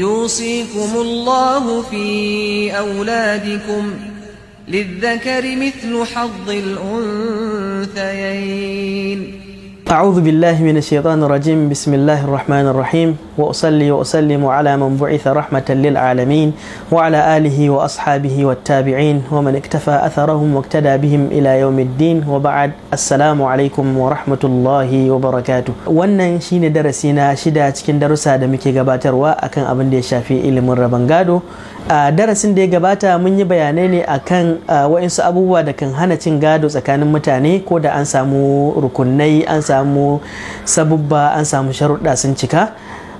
يوصيكم الله في أولادكم للذكر مثل حظ الأنثيين أعوذ بالله من الشيطان الرجيم بسم الله الرحمن الرحيم وأصلي وأسلم على من بعث رحمة للعالمين وعلى آله وأصحابه والتابعين ومن اكتفى أثرهم واقتدى بهم إلى يوم الدين وبعد السلام عليكم ورحمة الله وبركاته wannan shine darasi na shida cikin darussa da muke gabatarwa akan abin da ya shafi ilimin rabon gado a darasin da ya gabata mun yi bayanai ne akan wa'insu abubuwa da kan hana cin gado tsakanin mutane ko da an samu rukunai an samu samu sabubba an samu sharuɗa sun cika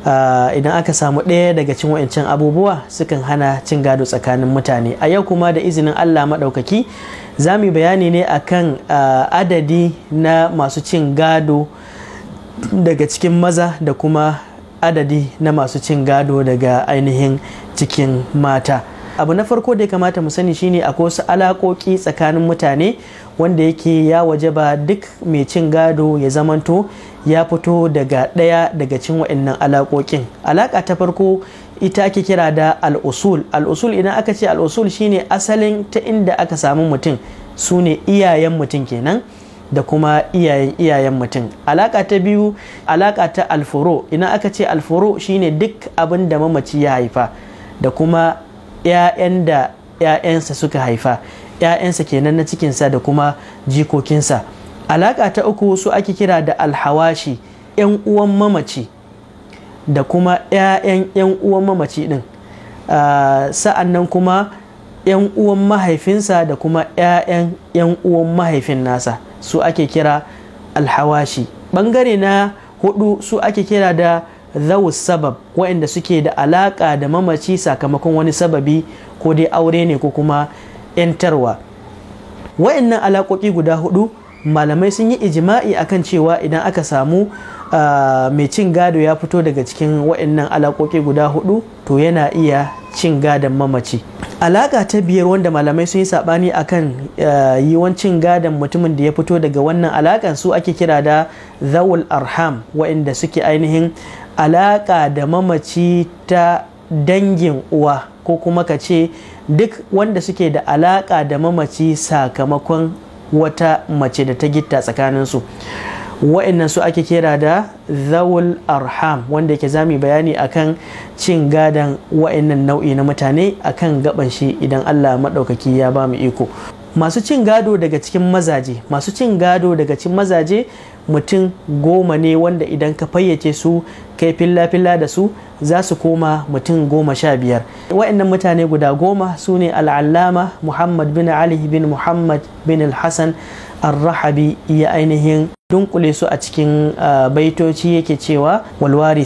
ah, idan aka samu ɗaya daga cin wa'ancan abubuwa sukan hana cin gado tsakanin mutane a yau kuma da izinin allah maɗaukaki za mu bayani ne akan ah, adadi na masu cin gado daga cikin maza da kuma adadi na masu cin gado daga ainihin cikin mata abu na farko da ya kamata mu sani shine akwai wasu alaƙoƙi tsakanin mutane wanda yake ya waje ba duk mai cin gado ya zamanto ya fito daga ɗaya daga cin wa'annan alaƙoƙin alaƙa ta farko ita ake kira da al'usul al'usul idan aka ce al'usul shine asalin ta inda aka samu mutum su ne iyayen mutum kenan da kuma iyayen iyayen mutum alaka ta biyu alaƙa ta alforo idan aka ce alforo shine duk abin da mamaci ya haifa da kuma 'ya'yan da 'ya'yansa suka haifa 'ya'yansa kenan na cikinsa da kuma jikokinsa alaƙa ta uku su ake kira da alhawashi 'yan uwan mamaci da kuma 'ya'yan 'yan uwan mamaci ɗin sa'an nan kuma 'yan uwan mahaifinsa da kuma 'ya'yan 'yan uwan mahaifin nasa su ake kira alhawashi ɓangare na hudu su ake kira da zawu sabab waɗanda suke da alaƙa da mamaci sakamakon wani sababi ko dai aure ne ko kuma 'yantarwa waɗannan alaƙoƙi guda hudu malamai sun yi ijima'i akan cewa idan aka samu mai cin gado ya fito daga cikin waɗannan alaƙoƙi guda hudu to yana iya cin gadon mamaci alaƙa ta biyar wanda malamai sun yi saɓani akan yiwon cin gadon mutumin da ya fito daga wannan alaƙan su ake kira da zawul arham waɗanda suke ainihin alaƙa da mamaci ta dangin uwa ko kuma ka ce duk wanda suke da alaƙa da mamaci sakamakon wata mace da ta gitta tsakaninsu wa'annan su ake kera da zawul arham wanda yake zami bayani akan cin gadon wa'annan nau'i na mutane akan gaban shi idan allah maɗaukaki ya ba mu iko masu cin gado daga cikin mazaje masu cin gado daga cikin mazaje mutum goma ne wanda idan ka fayyace su kai filla-filla da su za su koma mutum goma sha biyar wa'annan mutane guda goma su ne al'allama muhammad bin ali bin muhammad bin al-hassan al-rahabi ya ainihin dunkule su a cikin baitoci yake cewa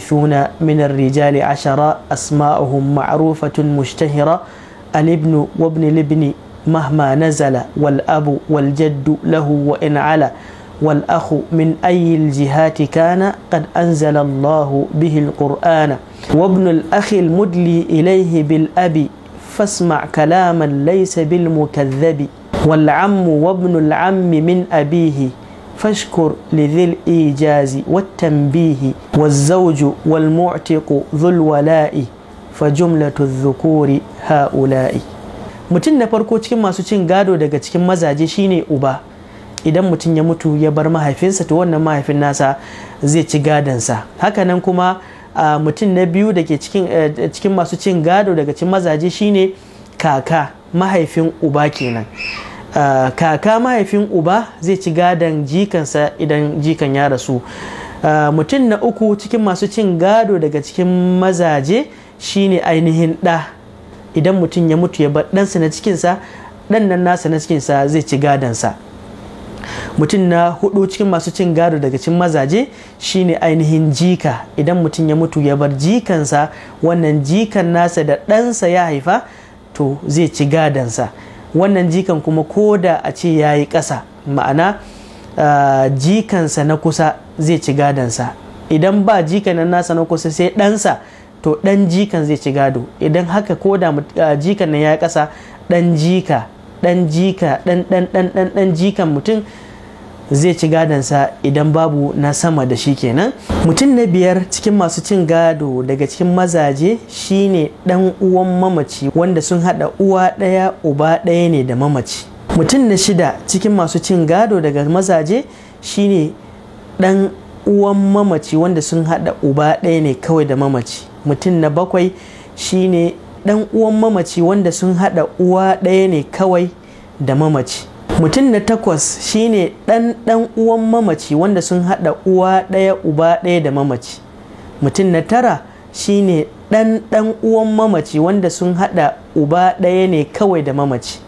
suna minar rijali ashara asma'uhum ma'rufatun mushtahira al-ibnu libni mahma nazala wal abu wal jaddu lahu wa ala والأخ من أي الجهات كان قد أنزل الله به القرآن وابن الأخ المدلي إليه بالأب فاسمع كلاما ليس بالمكذب والعم وابن العم من أبيه فاشكر لذي الإيجاز والتنبيه والزوج والمعتق ذو الولاء فجملة الذكور هؤلاء متن farko cikin masu cin gado daga cikin mazaje idan mutum ya mutu ya bar mahaifinsa to wannan mahaifin nasa zai ci gadansa hakanan kuma mutum na biyu da ke eh, cikin masu cin gado daga cikin mazaje shine kaka mahaifin uba kenan kaka mahaifin uba zai ci gadon jikansa idan jikan ya rasu mutum na uku cikin masu cin gado daga cikin mazaje shine ainihin ɗa idan mutum ya mutu ya bar ɗansa na cikinsa ɗan nan nasa na cikinsa zai ci gadansa. mutum na hudu cikin masu cin gado daga cikin mazaje shine ainihin jika idan mutum ya mutu ya bar jikansa wannan jikan nasa da ɗansa ya haifa to zai ci gadansa wannan jikan kuma ko da a ce ya yi ƙasa ma'ana jikansa na kusa zai ci gadansa idan ba jikanan nasa na kusa sai ɗansa to ɗan jikan zai ci gado idan haka ko da jikan nan ya yi ƙasa ɗan jika ɗan jika ɗan ɗan ɗan ɗan dan jikan mutum zai ci gadansa idan babu na sama da shi kenan mutum na biyar cikin masu cin gado daga cikin mazaje shine dan uwan mamaci wanda sun haɗa uwa ɗaya uba ɗaya ne da mamaci mutum na shida cikin masu cin gado daga mazaje shine ɗan uwan mamaci wanda sun haɗa uba ɗaya ne kawai da mamaci mutum na bakwai shine ɗan uwan mamaci wanda sun haɗa uwa ɗaya ne kawai da mamaci mutum na takwas shine ɗan ɗan uwan mamaci wanda sun haɗa uwa ɗaya uba ɗaya da mamaci mutum na tara shine ɗan ɗan uwan mamaci wanda sun haɗa uba ɗaya ne kawai da mamaci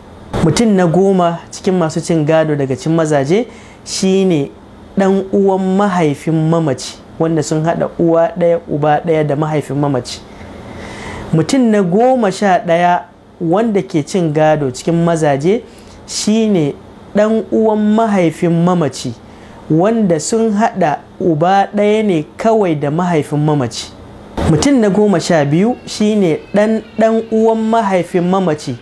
mutum na goma cikin masu cin gado daga cin mazaje shine ɗan uwan mahaifin mamaci wanda sun haɗa uwa ɗaya uba ɗaya da mahaifin mamaci mutum na goma sha ɗaya wanda ke cin gado cikin mazaje shine ɗan uwan mahaifin mamaci wanda sun haɗa uba ɗaya ne kawai da mahaifin mamaci mutum na goma sha biyu shine ɗan ɗan uwan mahaifin mamaci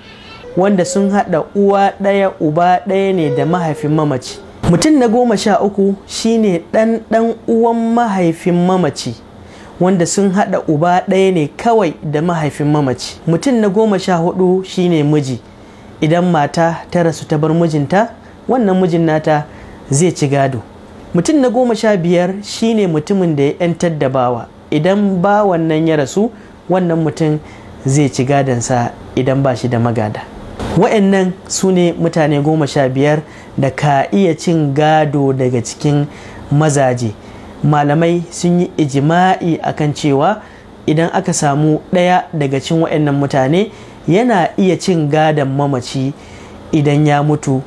wanda sun haɗa uwa ɗaya uba ɗaya ne da mahaifin mamaci mutum na goma sha uku shine ɗan ɗan uwan mahaifin mamaci wanda sun haɗa uba ɗaya ne kawai da mahaifin mamaci mutum na goma sha hudu shine miji idan mata ta rasu ta bar mijinta wannan mijin nata zai ci gado mutum na goma sha biyar shine mutumin da ya 'yantar da bawa idan ba wannan ya rasu wannan mutum zai ci gadansa idan ba shi da magada wa'annan su ne mutane goma sha biyar da ka iya cin gado daga cikin mazaje malamai sun yi ijima'i akan cewa idan aka samu ɗaya daga cin waɗannan mutane yana iya cin gadon mamaci idan ya mutu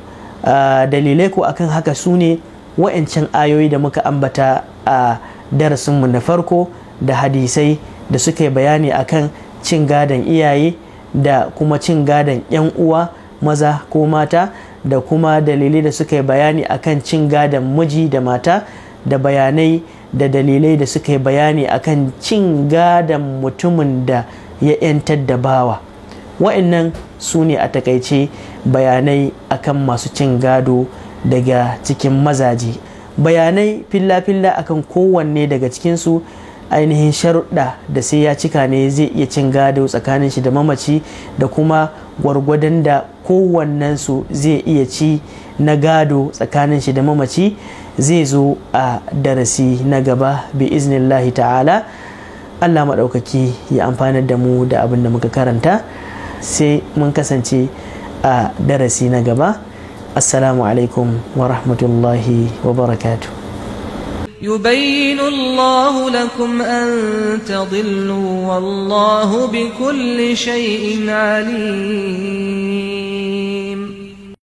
dalilai ko akan haka su ne wa'ancan ayoyi da muka ambata a darasinmu na farko da hadisai da suka yi bayani akan cin gadon iyaye da kuma cin gadon 'yan uwa maza ko mata da kuma dalilai da suka yi bayani akan cin gadon miji da mata da bayanai da dalilai da suka yi bayani kan cin gadon mutumin da ya 'yantar da bawa wa'annan su ne a takaice bayanai a kan masu cin gado daga cikin mazaje bayanai filla-filla kan kowanne daga cikinsu ainihin sharuɗa da sai ya cika ne zai iya cin gado tsakanin shi da mamaci da kuma gwargwadon da kowannensu zai iya ci na gado tsakanin shi da mamaci zai zo a darasi na gaba bi iznillahi ta'ala allah maɗaukaki ya amfanar da mu da abin da muka karanta sai mun kasance a darasi na gaba assalamu alaikum wa rahmatullahi wa barakatu يبين الله لكم أن تضلوا والله بكل شيء عليم